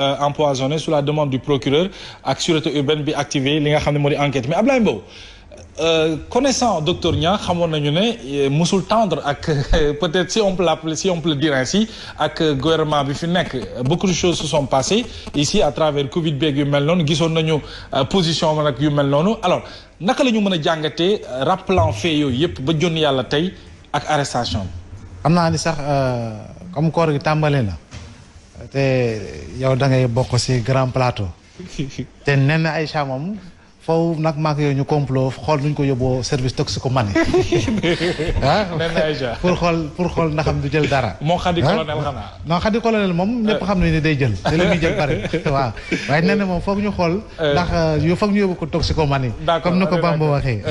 Euh, empoisonné sous la demande du procureur ak sûreté urbaine bi activé li nga xam ne moo di enquête mais Ablaye Mbow euh, connaissant docteur Niang xamoon nañu ne euh, mosul tendre ak peut-être si on peut l'appeler si on peut le ak gouvernement bi fi nekk beaucoup de choses se sont passées ici à travers Covid beeg yu mel noonu gisoon nañu position nag yu mel noonu alors naka la ñu mën a jàngatee rappelant fait yooyu yëpp ba jon yàlla tey ak arrestation bi. xam naa ni sax comme koor gi tàmbale na. te yow da ngay bokk ci grand plateau. te nen na Aïcha moom foofu nag maak yooyu ñu complot xool nuñ ko yóbboo service toxicomanie. ah nen na Aïcha pour xool pour xool ndax am du jël dara. moo xadi ah? colonel xanaa. non xadi moom ñëpp xam nañu ne day jël. te li muy jël bari waaw waaye nen na moom foog ñu xool. Eh. ndax euh, yu foog ñu yóbbu ko toxicomanie. comme ni ko Bamba waxee.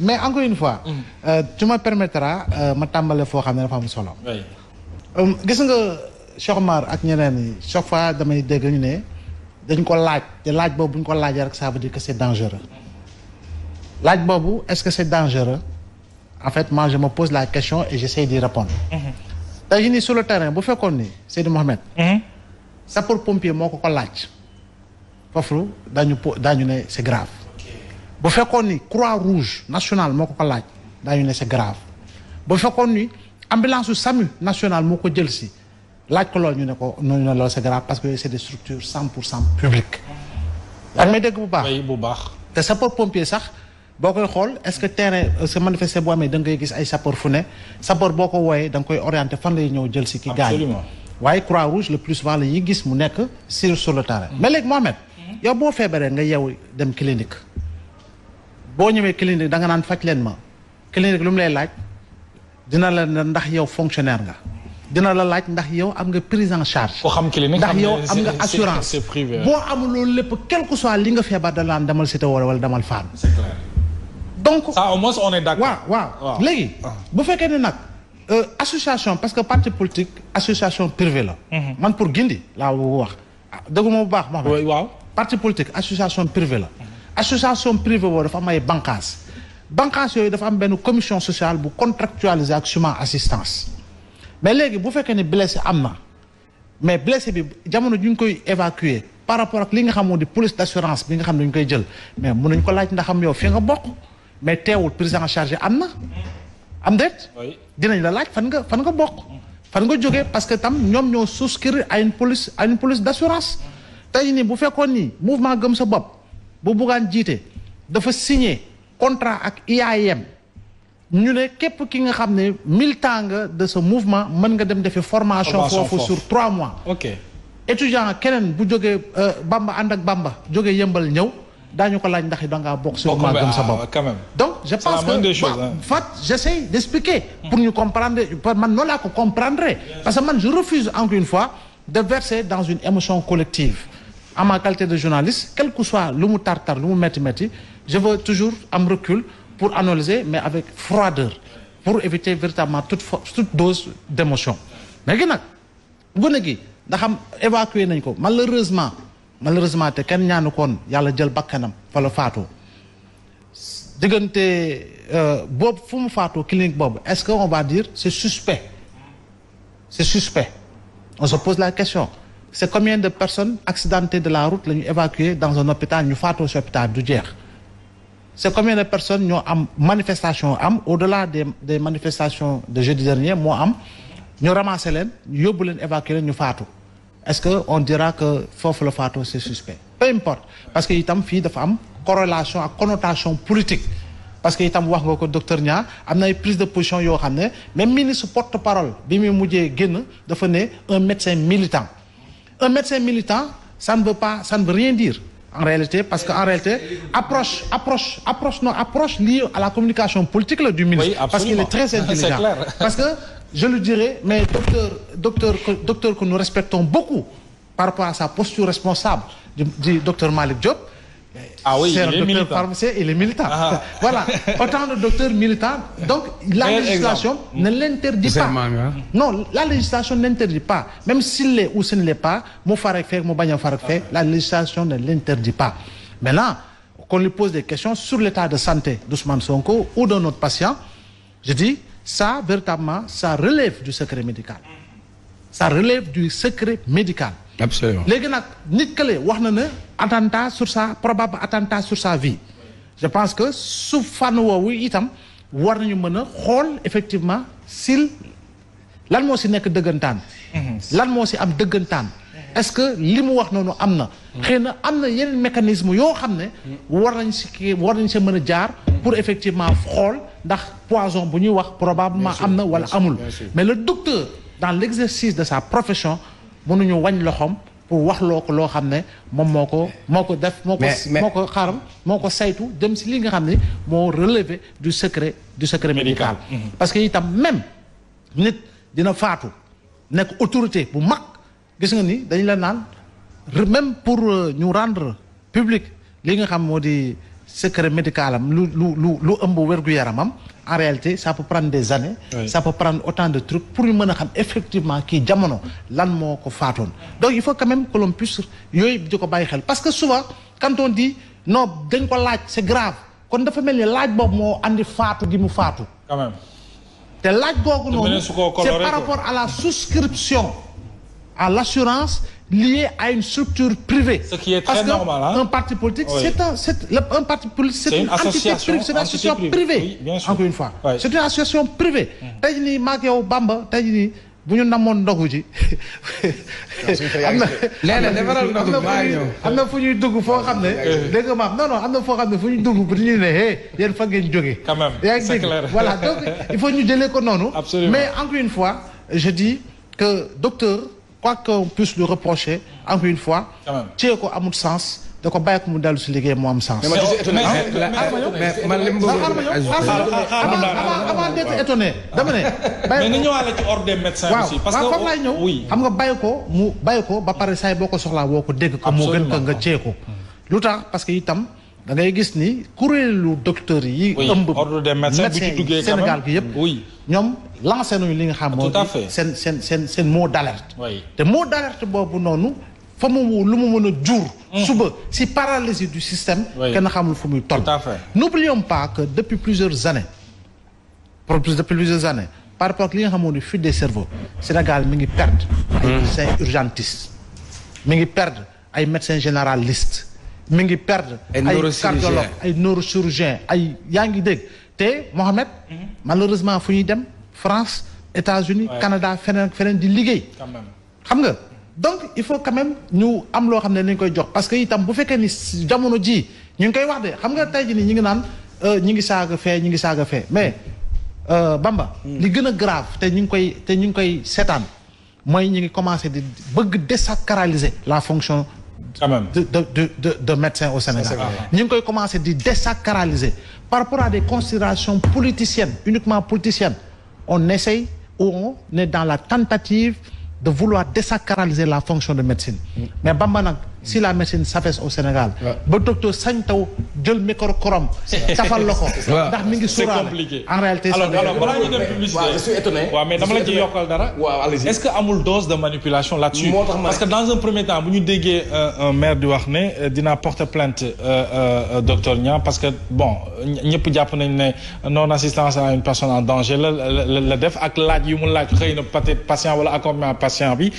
mais encore une fois. Mm. Euh, tu ma permettras euh, ma tàmbale foo xam ne dafa solo. gis nga. Cheikh Omar ak ñeneen ñi chaque fois damay dégg ñu ne dañ ko laaj te laaj boobu bu ñu ko laajee rek ça veut dire que c'est dangereux laaj boobu est-ce que c'est dangereux en fait moi je pose la question et j'essaie d'y répondre mm-hmm. tey jii nii sur le terrain bu fekkoon ni Seydou Mohamed mm-hmm. po croix rouge nationale moo ko ko laaj daañu ne c'est grave bu fekkoon ni ambulance su SAMU nationale moo ko jël laaj ko loolu ñu ne ko ñu ne loolu c'est grave parce que yooyu c'est des structures cent pour cent publiques yaa ngi may dégg bu baax bu baax te sapeur pompier sax boo koy xool est-ce que terrain sa euh, manifester boo amee da ngay gis ay sapor fu ne sapeur boo ko wooyee danga koy orienté fan lay ñëw jël si ki gaañ waaye croix rouge le plus souvent la ñuy gis mu nekk sur sur le terrain mais léegi Mohamed mm-hmm. yow boo feebaree nga yeewu dem clinique boo ñëwee clinique danga nga naan faj leen ma clinique lu mu laaj dina la ndax yow fonctionnaire nga dina la laaj ndax yow am nga prise en charge. ndax yow am nga assurance boo amul loolu lépp quel soit li nga feebar da laan demal cité wala demal faan. c'est clair. donc ça au moins léegi. Ah. bu fekkee ne nag euh, association parce que parti politique association privée la. Mhm. man pour gindi laa wax ah, dëggu ma bu baax. waaw parti politique association privée la. association dafa am ay bànqaas bànqaas yooyu dafa am benn commission sociale bu contractualisée ak suma assistance. mais léegi bu fekkee ne blessé am na mais blessé bi jamono ju ñu koy évacuer par rapport ak li nga xamoon di police d'assurance bi nga xam ne dañu koy jël mais mënuñ ko laaj ndax am yow fi nga boq mais teewul prise en charge am na am déet dinañ la laaj fan nga fan nga bokk fan nga jógee parce que tam ñoom ñoo souscrire à une police à une police d'assurance tey nii bu fekkoon ni mouvement gëm sa bopp bu buggaan jiite dafa signe contrat ak IAM ñu ne képp ki nga xam ne militant nga de ce mouvement mën nga dem defi formation foofu sur trois mois ok étudiant keneen bu jógee euh, Bamba ànd ak Bamba jógee yëmbal ñëw daañu ko laaj ndax dangaa bokk sur maa gëm sa ah, bopp donc je pense que fat j'essaie d'expliquer pour ñu comprendre man noonu laa ko comprendre parce que man je refuse encore une fois de verser dans une émotion collective à ma qualité de journaliste quel que soit lu mu tartar lu mu métti métti je toujours am pour analyser, mais avec froideur, pour éviter véritablement toute, toute dose d'émotion. Mais nag gone gi ndaxam xam évacuer nañ ko malheureusement malheureusement te kenn ñaanu koon yàlla jël bakkanam fa la faatoo diggante euh, boobu fu mu faatoo clinique boobu est-ce que on va dire c'est suspect c'est suspect on se pose la question c'est combien de personnes accidentées de la route la ñu évacuées dans un hôpital ñu faatoo si hôpital du jeex c'est combien de personnes ñoo am manifestation am au-delà des des manifestations de jeudi dernier moo am ñu ramassé leen yóbbu leen évacuer leen ñu faatu est-ce que on dira que foofu la faatu c'est suspect peu importe parce que itam fii dafa am corrélation ak connotation politique parce que itam wax nga ko docteur Nia am na ay prise de position yoo xam ne même ministre porte-parole bi muy mujjee génn dafa ne un médecin militant un médecin militant ça ne veut pas en réalité parce que en réalité approche approche approche non approche liée à la communication politique là du ministre oui, parce qu'il est très intelligent clair. parce que je le dirais mais docteur docteur docteur que nous respectons beaucoup par rapport à sa posture responsable du, du docteur Malick Diop Ah oui, c'est un docteur pharmacien, il militant. Ah. Voilà, autant de docteurs militants. Donc, la Quel législation exemple? ne l'interdit pas. Manga. Non, la législation n'interdit pas. Même s'il l'est ou s'il ne l'est pas, mon fait, mon la législation ne l'interdit pas. Maintenant, qu'on lui pose des questions sur l'état de santé d'Ousmane Sonko ou de notre patient, je dis, ça, véritablement, ça relève du secret médical. Ça relève du secret médical. absolument léegi nag nit kële wax na ne attentat sur sa probable attentat sur sa vie je pense que su fànn woowu itam war nañu mën a xool effectivement sil lan moo si nekk dëggantaan mhm. lan moo si am dëggantaan est-ce que li mu wax noonu am na mhm. xëy na am na yeneen mécanisme yoo xam ne war nañ si war nañ si mën a jaar pour effectivement xool ndax poison bu ñuy wax probablement am na wala amul mais le docteur dans l'exercice de sa profession mënuñu wañ loxoom pour wax loo ko loo xam ne moom moo ko moo ko def moo ko moo ko xaram moo ko saytu dem si li nga xam ni moo relevé du secret du secret médical mhm. parce que itam même nit dina faatu nekk autorité bu mag gis nga ni dañ la naan même pour euh, ñu rendre publique li nga xam moo di secret médical lu lu lu lu ëmb wérgu yaramam en réalité ça peut prendre des années. sa ça peut prendre autant de trucs pour ñu mën a xam effectivement kii jamono lan moo ko faatoon. donc il faut quand même que l'on yooyu di ko bàyyi xel parce que souvent canton on dit dañ ko laaj c'est grave kon dafa mel ni laaj boobu moo andi faatu gi mu faatu. te laaj googu noonu. c'est par rapport à la souscription. à l'assurance liée à une structure privée. Ce qui est Parce normal, parti politique, oui. c'est parti politique, c'est, c'est une, une entité privée, c'est une association privée. Encore une fois. C'est une association privée. tey jii nii Bamba tey jii nii bu ñu namoon ndogu ji. am na léeg-léeg defaral ndogu maa ñëw am na fu ñuy dugg foo xam ne. dégg nga non non am na foo xam ne fu ñuy dugg bu ñu ne hé yéen fa ngeen jógee. quand même c'est clair voilà donc il faut ñu jëlee ko noonu. mais encore une fois je dis que docteur. quoi qu'on puisse lui reprocher encore une fois. téye amul sens. da ko bàyyi ko mu dellu si liggéey mu am sens. mais ah, man li mu ah, ah, avant d'être étonné dama ne. xam nga bàyyi ko mu bàyyi ko ba pare saay boo ko soxlaa woo ko dégg ko moo gën ko nga téye mm. lu tax parce que itam. da ngay gis ni kuréelu docteurs yi. ëmb ordre des médecins bu ci duggee Sénégal gi yëpp. oui ñoom lancé nañu li nga xam moo ah, seen seen seen seen mot d'alerte. te mot d'alerte boobu noonu. fa mu lu mu mën a jur. Mm. suba si paralysie du système. kenn xamul fu muy toll. tout à fait n'oublions pas que depuis plusieurs années. depuis plusieurs années par rapport ak li nga xamoon ni fuite des cerveaux Sénégal mi ngi perdre. ay mm. médecins urgentistes. mi ngi perdre ay médecins généralistes. mi ngi perdre. ay cardiologue ay neurochirurgien ay yaa ngi dégg te Mohamed. Mhm. malheureusement fu ñuy dem France États-Unis Canada feneen feneen di liggéey. xam nga donc il faut que même ñu am loo xam ne dañ koy jox parce que itam bu fekkee ni jamono ji ñu ngi koy wax de xam nga tey jii nii ñu ngi naan euh, ñu ngi saaga fee ñu ngi saaga fee mais euh, Bamba. Mm. li gën a grave te ñu ngi koy te ñu ngi koy seetaan mooy ñu ngi commencé di bëgg désacraliser la fonction. quand même de de de de médecins au Sénégal. ñu ngi koy commencé di désacraliser par rapport à des considérations politiciennes uniquement politiciennes on essaye ou on est dans la tentative de vouloir désacraliser la fonction de médecine. Mm. mais Bamba nag si la médecine s'affaisse au Sénégal. ba docteur sañ taw jël microcorom. tafal la ko. ndax mi ngi suuraale. en réalité alors alors balaa ñuy yokkal dara. waaw allez est-ce que amul dose de manipulation là-dessus. parce que dans un premier temps bu ñu déggee euh, un wax ne euh, dinaa porter plainte euh, docteur Niang parce que bon ñëpp jàpp nañ ne non assistance à une personne en danger la la la def ak laaj yu mu laaj xëy na peut-être patient wala accompagnement patient bi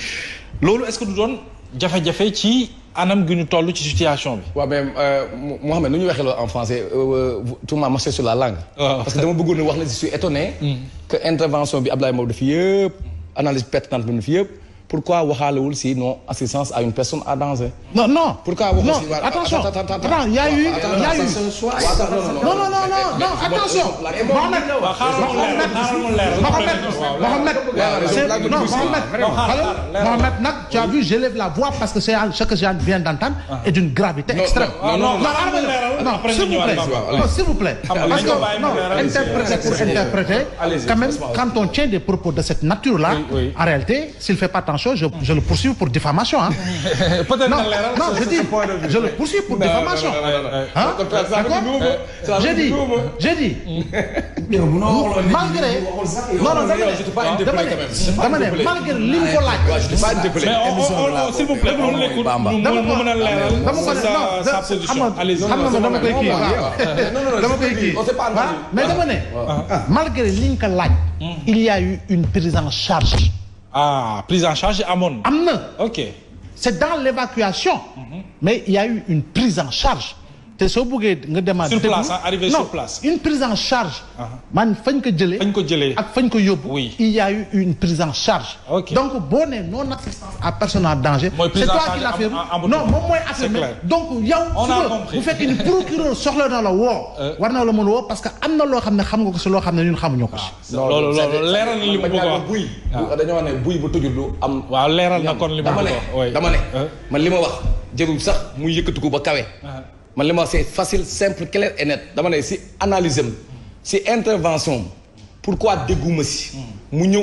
loolu est-ce que du doon jafe ci. anam gi ñu toll ci situation bi. waaw mais euh, Mouhamed nu ñu waxee loolu en français euh, euh, tout m'a marché sur la langue. parce que dama bëggoon wax na je suis mm. que intervention bi Abdoulaye Mbow def yëpp analyse pertinente bi mu yëpp. pourquoi waxaalewul si non assistance à une personne à danger. non non attention attends y a eu y a eu. non non non non attention. tu as vu j'élève la voix parce que c'est ce que je viens d'entendre ah. est d'une gravité extrême. non s'il vous plaît quand même quand on tient des propos de cette nature là. en réalité s'il fait pas attention diffamation je, le poursuis pour diffamation ah. peut-être non non je dis je le poursuis pour diffamation. ah d'accord j'ai dit malgré. non non malgré li mu a leeral il y a eu une prise en charge. ah prise en charge amoon. am na. ok c'est dans l'évacuation. Mm -hmm. mais il y a eu une prise en charge. te soo buggee nga demaat. sur place ah arrivé sur place non une prise en charge. Ah. man fañ ko jëlee. fañ ko jëlee ak fañ ko yóbbu. il y a eu une prise en charge. ok donc boo nee non assistance à personne en danger. mooy prise en charge am am non moom mooy affaire donc yow. on a compris bu fekkee ni soxla na la woo. Euh. war na la mën woo parce que am na loo xam ne xam nga ko si loo xam ne ñun xamuñu ko si. Ah, loolu loolu leeral na li ah. bu tujul du am. waaw leeral na kon li mu bëgg a wax dama ne euh. man li ma wax jërul sax muy yëkkatu ko ba kawe man li ma c'est facile simple clair et net dama ne si analyse si intervention pourquoi dégguma si mu ñëw